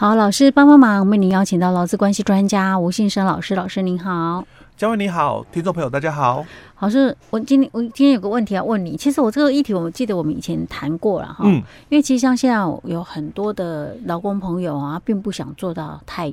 好，老師幫幫忙、忙，為您邀請到勞資關係專家吳信昇老師。老師您好，嘉文，你好，聽眾朋友大家好。好，是，我今天我今天有個問題要問你。其實我這個議題，我記得我們以前談過了哈。嗯。因為其實像現在有很多的勞工朋友啊，並不想做到太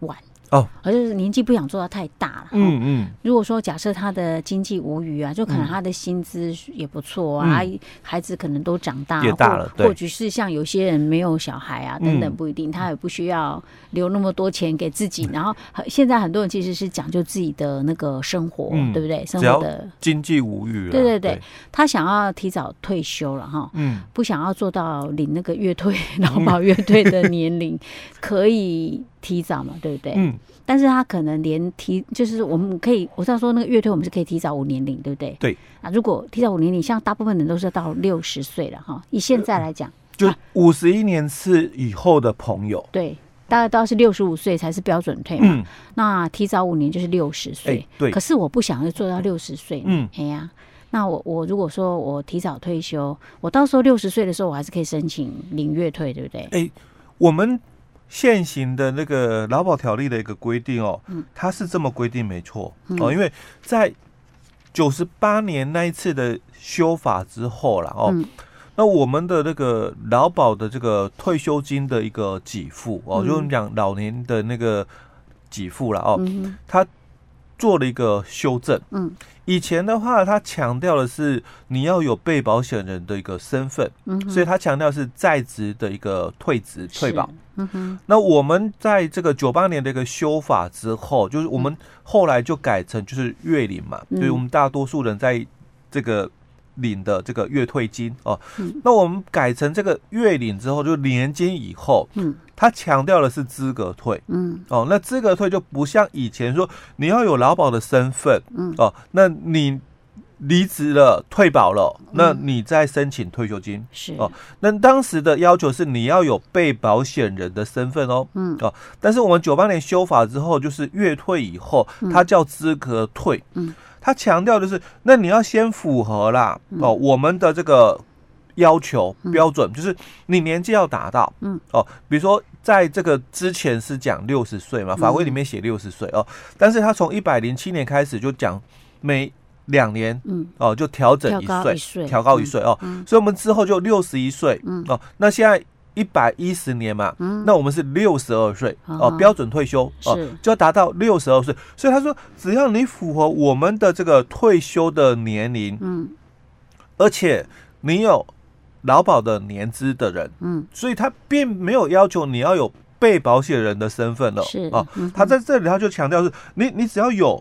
晚。哦，而就是年紀不想做到太大了。嗯嗯，如果說假設他的經濟無虞啊，就可能他的薪資也不錯啊，嗯、孩子可能都長大，或或者是像有些人沒有小孩啊、嗯、等等，不一定，他也不需要留那麼多錢給自己、嗯。然後現在很多人其實是講究自己的那個生活，嗯、對不對？生活的經濟無虞，對對對，他想要提早退休了哈，嗯，不想要做到領那個月退、嗯、勞保月退的年齡，嗯、 可以。提早嘛，對不對？嗯，但是他可能連提，就是我們可以，我這樣說那個月退，我們是可以提早五年領，對不對？對。啊，如果提早五年領，像大部分人都是到六十歲了哈。以現在來講，呃啊、就五十一年次以後的朋友。對，大概到是六十五歲才是標準退嘛。嗯、那提早五年就是六十歲、哎對，可是我不想要做到六十歲，嗯，哎呀，那我我如果說我提早退休，我到時候六十歲的時候，我還是可以申請領月退，對不對？哎，我們。現行的那個勞保條例的一個規定哦、嗯，它是這麼規定沒錯、嗯、哦，因為在九十八年那一次的修法之後了哦、嗯，那我們的那個勞保的這個退休金的一個給付、嗯、哦，就講老年的那個給付了哦，他、嗯。做了一個修正，嗯，以前的話，他強調的是你要有被保險人的一個身份，嗯，所以他強調是在職的一個退職退保，嗯，那我們在這個九八年的一個修法之後，就是我們後來就改成就是越齡嘛，嗯，所以我們大多數人在這個。領的這個月退金哦、嗯，那我們改成這個月領之後就年金以後，嗯，他強調的是資格退，嗯，哦，那資格退就不像以前說你要有勞保的身份，嗯，哦，那你離職了退保了、嗯，那你再申請退休金是哦，那當時的要求是你要有被保險人的身份哦，嗯，哦，但是我們九八年修法之後就是月退以後，他、嗯、叫資格退，嗯。他強調的是，那你要先符合啦、嗯、哦，我們的這個要求、嗯、標準就是你年紀要達到嗯、哦，比如說在這個之前是講六十歲嘛，法規裡面寫六十歲哦，但是他從一百零七年開始就講每兩年嗯、哦就調整一歲，調高一歲、嗯嗯、哦，所以我們之後就六十一歲嗯、哦，那現在。一百一十年嘛，嗯，那我們是六十二歲哦，標準退休哦、啊，就要達到六十二歲。所以他說，只要你符合我們的這個退休的年齡，嗯，而且你有勞保的年資的人，嗯，所以他並沒有要求你要有被保險人的身份了，是哦，啊嗯，他在這裡他就強調是你，你只要有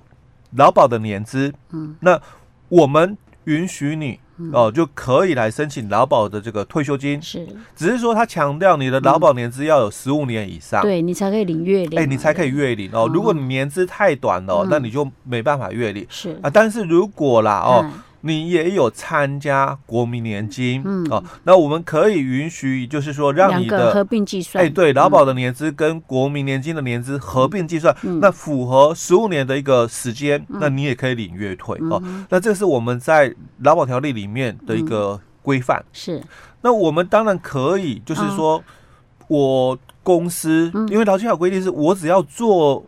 勞保的年資，嗯，那我們允許你。嗯、哦，就可以來申請勞保的這個退休金，是，只是說他強調你的勞保年資要有十五年以上，嗯、對，你才可以領月領，哎、欸，你才可以月領哦、嗯。如果你年資太短了，那、嗯、你就沒辦法月領，是啊。但是如果啦哦。嗯你也有參加國民年金，嗯，啊、那我們可以允許，就是說讓你的合併計算，哎、欸，對，勞、嗯、保的年資跟國民年金的年資合併計算、嗯，那符合十五年的一個時間、嗯，那你也可以領月退，嗯、啊、嗯，那這是我們在勞保條例裡面的一個規範、嗯，是。那我們當然可以，就是說我公司、嗯、因為勞基法規定是我只要做。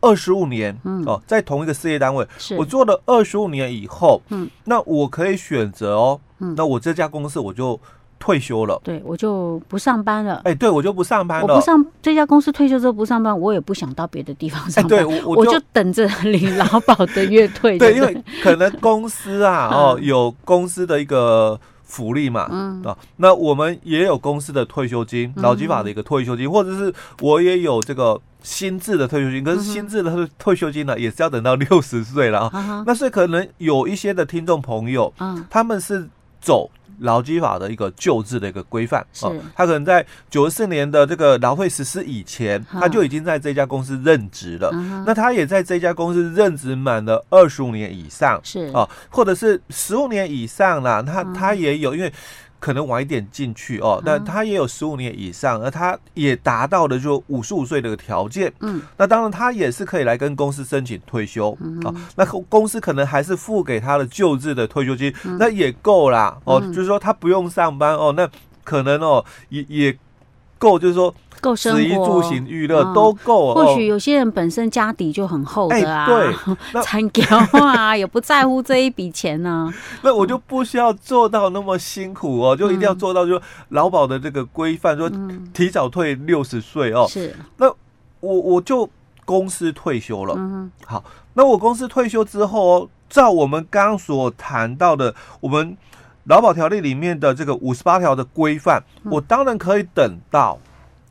二十五年，嗯哦，在同一個事業單位，是我做了二十五年以後，嗯，那我可以選擇哦，嗯，那我這家公司我就退休了，對我就不上班了，哎、欸，對我就不上班了，不上這家公司退休之後不上班，我也不想到別的地方上班，欸、對，我就，我就等着領勞保的月退， 對，因為可能公司啊， 哦，有公司的一個。福利嘛、嗯，啊，那我們也有公司的退休金，勞基法的一個退休金、嗯，或者是我也有這個新制的退休金，可是新制的退休金呢、啊，也是要等到六十歲了啊、嗯，那是可能有一些的聽眾朋友、嗯，他們是。走勞基法的一個舊制的一個規範、呃，是，他可能在九四年的這個勞退實施以前，他就已經在這家公司任職了、嗯，那他也在這家公司任職滿了二十五年以上，是啊、呃，或者是十五年以上啦。他、嗯、他也有因為。可能晚一點進去哦，但他也有十五年以上，而他也達到了就五十五歲的條件。嗯，那當然他也是可以來跟公司申請退休啊、哦。那公司可能還是付給他的舊制的退休金，那也夠啦。哦，就是說他不用上班哦，那可能哦也也夠，就是說。夠生活、哦、食衣住行、娛樂都夠。或許有些人本身家底就很厚的啊，對、參交啊， 也不在乎這一筆錢呢、啊。那我就不需要做到那麼辛苦哦，嗯、就一定要做到，就是勞保的這個規範、嗯，說提早退六十歲哦。是，那我我就公司退休了。嗯，好。那我公司退休之後哦，照我們剛所談到的，我們勞保條例裡面的這個五十八條的規範，我當然可以等到。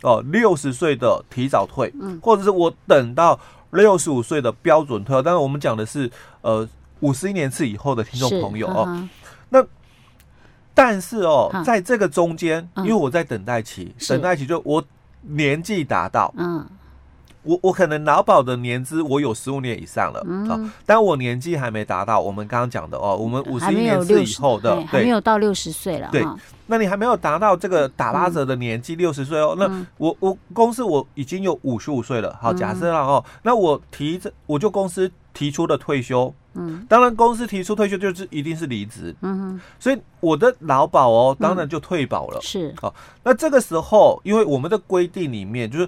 哦，六十歲的提早退，或者是我等到六十五歲的標準退。但是我們講的是呃五十一年次以後的聽眾朋友呵呵哦，那但是哦，在這個中間，因為我在等待期，嗯、等待期就我年紀達到嗯。我我可能勞保的年資我有十五年以上了，嗯，啊、但我年紀還沒達到我們剛剛講的哦，我們五十一年資以後的還沒有60，對，對，還沒有到六十歲了，對、嗯,那你還沒有達到這個打八折的年紀六十歲哦、嗯,那我我公司我已經有五十五歲了，好，嗯、假設了哦，那我提着我就公司提出的退休，嗯，當然公司提出退休就是一定是離職、嗯，嗯，所以我的勞保哦，當然就退保了，嗯、是，好、啊，那這個時候因為我們的規定裡面就是。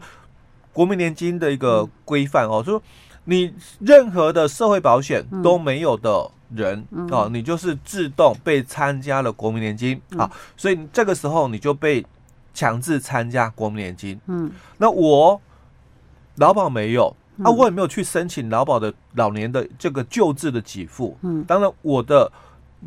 國民年金的一個規範哦，就、嗯、說你任何的社會保險都沒有的人、嗯、哦，你就是自動被參加了國民年金、嗯、啊，所以這個時候你就被強制參加國民年金。嗯，那我勞保沒有、嗯、啊，我也沒有去申請勞保的老年的這個救治的給付。嗯，當然我的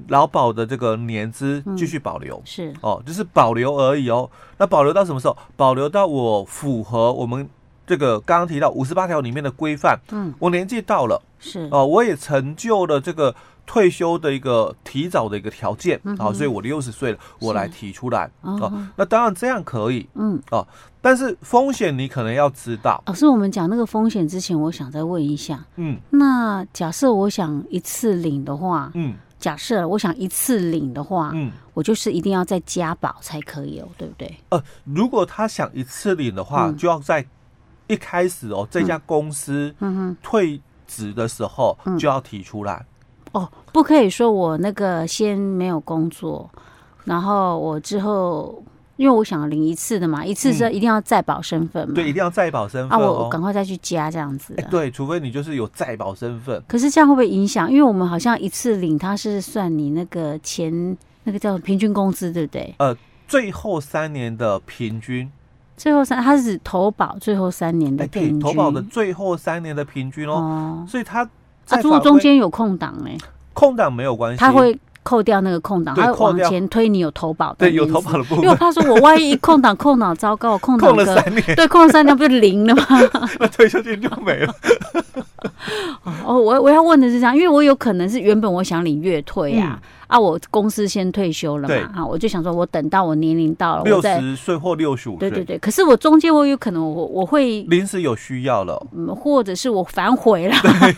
勞保的這個年資繼續保留、嗯、是哦，就是保留而已哦。那保留到什麼時候？保留到我符合我們。這個剛剛提到五十八條裡面的規範，嗯，我年紀到了，是哦、啊，我也成就了這個退休的一個提早的一個條件，好、嗯啊、所以，我六十歲了，我來提出來哦、嗯啊，那當然這樣可以，嗯哦、啊，但是風險你可能要知道。老、啊、師，我們講那個風險之前，我想再問一下，嗯，那假設我想一次領的話，嗯，假設我想一次領的話，嗯，我就是一定要再加保才可以哦，對不對？呃、啊，如果他想一次領的話，嗯、就要再一開始哦，這家公司退職的時候就要提出來、嗯嗯、哦，不可以說我那個先沒有工作，然後我之後因為我想領一次的嘛，一次是一定要再保身份嘛、嗯，對，一定要再保身份、哦、啊，我趕快再去加這樣子、欸。對，除非你就是有再保身份。可是這樣會不會影響？因為我們好像一次領，它是算你那個前那個叫平均工資，對不對？呃，最後三年的平均。最後三，他是投保最後三年的平均，欸，投保的最後三年的平均哦，哦所以他。啊，中間有空檔哎，欸，空檔沒有關係，他會扣掉那個空檔，他會往前推你有投保的，對，有投保的部分，因為我怕說我萬一空檔空腦糟糕，空了三年，對，空了三年不是零了嗎？ 退休金就沒了。 哦，我我要問的是這樣，因為我有可能是原本我想領月退啊，嗯、啊，我公司先退休了嘛，啊，我就想說，我等到我年齡到了六十歲或六十五歲，對對對，可是我中間我有可能我我會臨時有需要了、哦嗯，或者是我反悔了，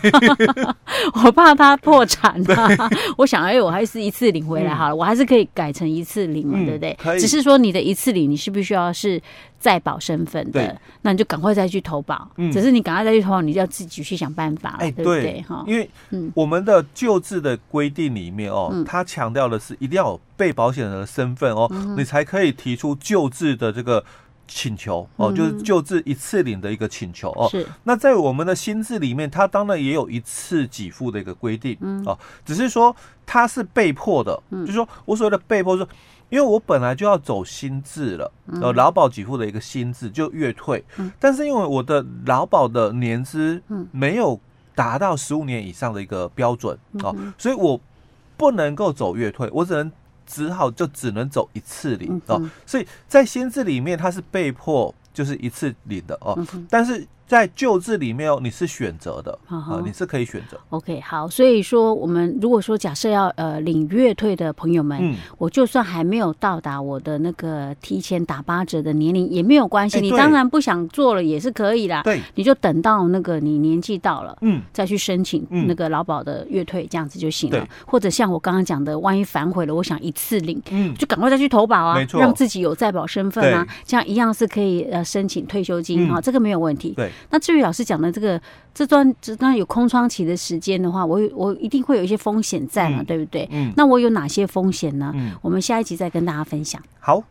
我怕他破產了、啊， 我想，哎，我還是一次領回來好了，嗯、我還是可以改成一次領嘛、嗯，對不對，對？只是說你的一次領，你是不是需要是。在保身份對。那你就趕快再去投保。嗯，只是你趕快再去投保，你就要自己去想辦法。哎、欸，對，對，哈，因為我們的舊制的規定裡面哦、喔嗯，它強調的是一定要有被保險人的身份哦、喔嗯，你才可以提出舊制的這個請求哦、喔嗯，就是舊制一次領的一個請求哦、喔。是。那在我們的新制裡面，它當然也有一次給付的一個規定、喔，嗯只是說它是被迫的，嗯，就是說我所謂的被迫是說。因為我本來就要走新制了，呃，勞保給付的一個新制就月退，但是因為我的勞保的年資沒有達到十五年以上的一個標準啊，哦，所以我不能夠走月退，我只能只好就只能走一次領啊，哦，所以在新制裡面它是被迫就是一次領的哦，但是。在舊制裡面哦，你是選擇的、uh -huh. 啊、你是可以選擇。OK，好，所以說我們如果說假設要呃領月退的朋友們，嗯、我就算還沒有到達我的那個提前打八折的年齡也沒有關係、欸，你當然不想做了也是可以啦。對，你就等到那個你年紀到了，嗯，再去申請那個勞保的月退、嗯、這樣子就行了。或者像我剛剛講的，萬一反悔了，我想一次領，嗯、就趕快再去投保啊，沒錯，讓自己有在保身份啊，這樣一樣是可以呃申請退休金、嗯、啊，這個沒有問題。對。那至於老師講的這個這段這段有空窗期的時間的話，我我一定會有一些風險在嘛，嗯，對不對？嗯，那我有哪些風險呢？嗯，我們下一集再跟大家分享。好。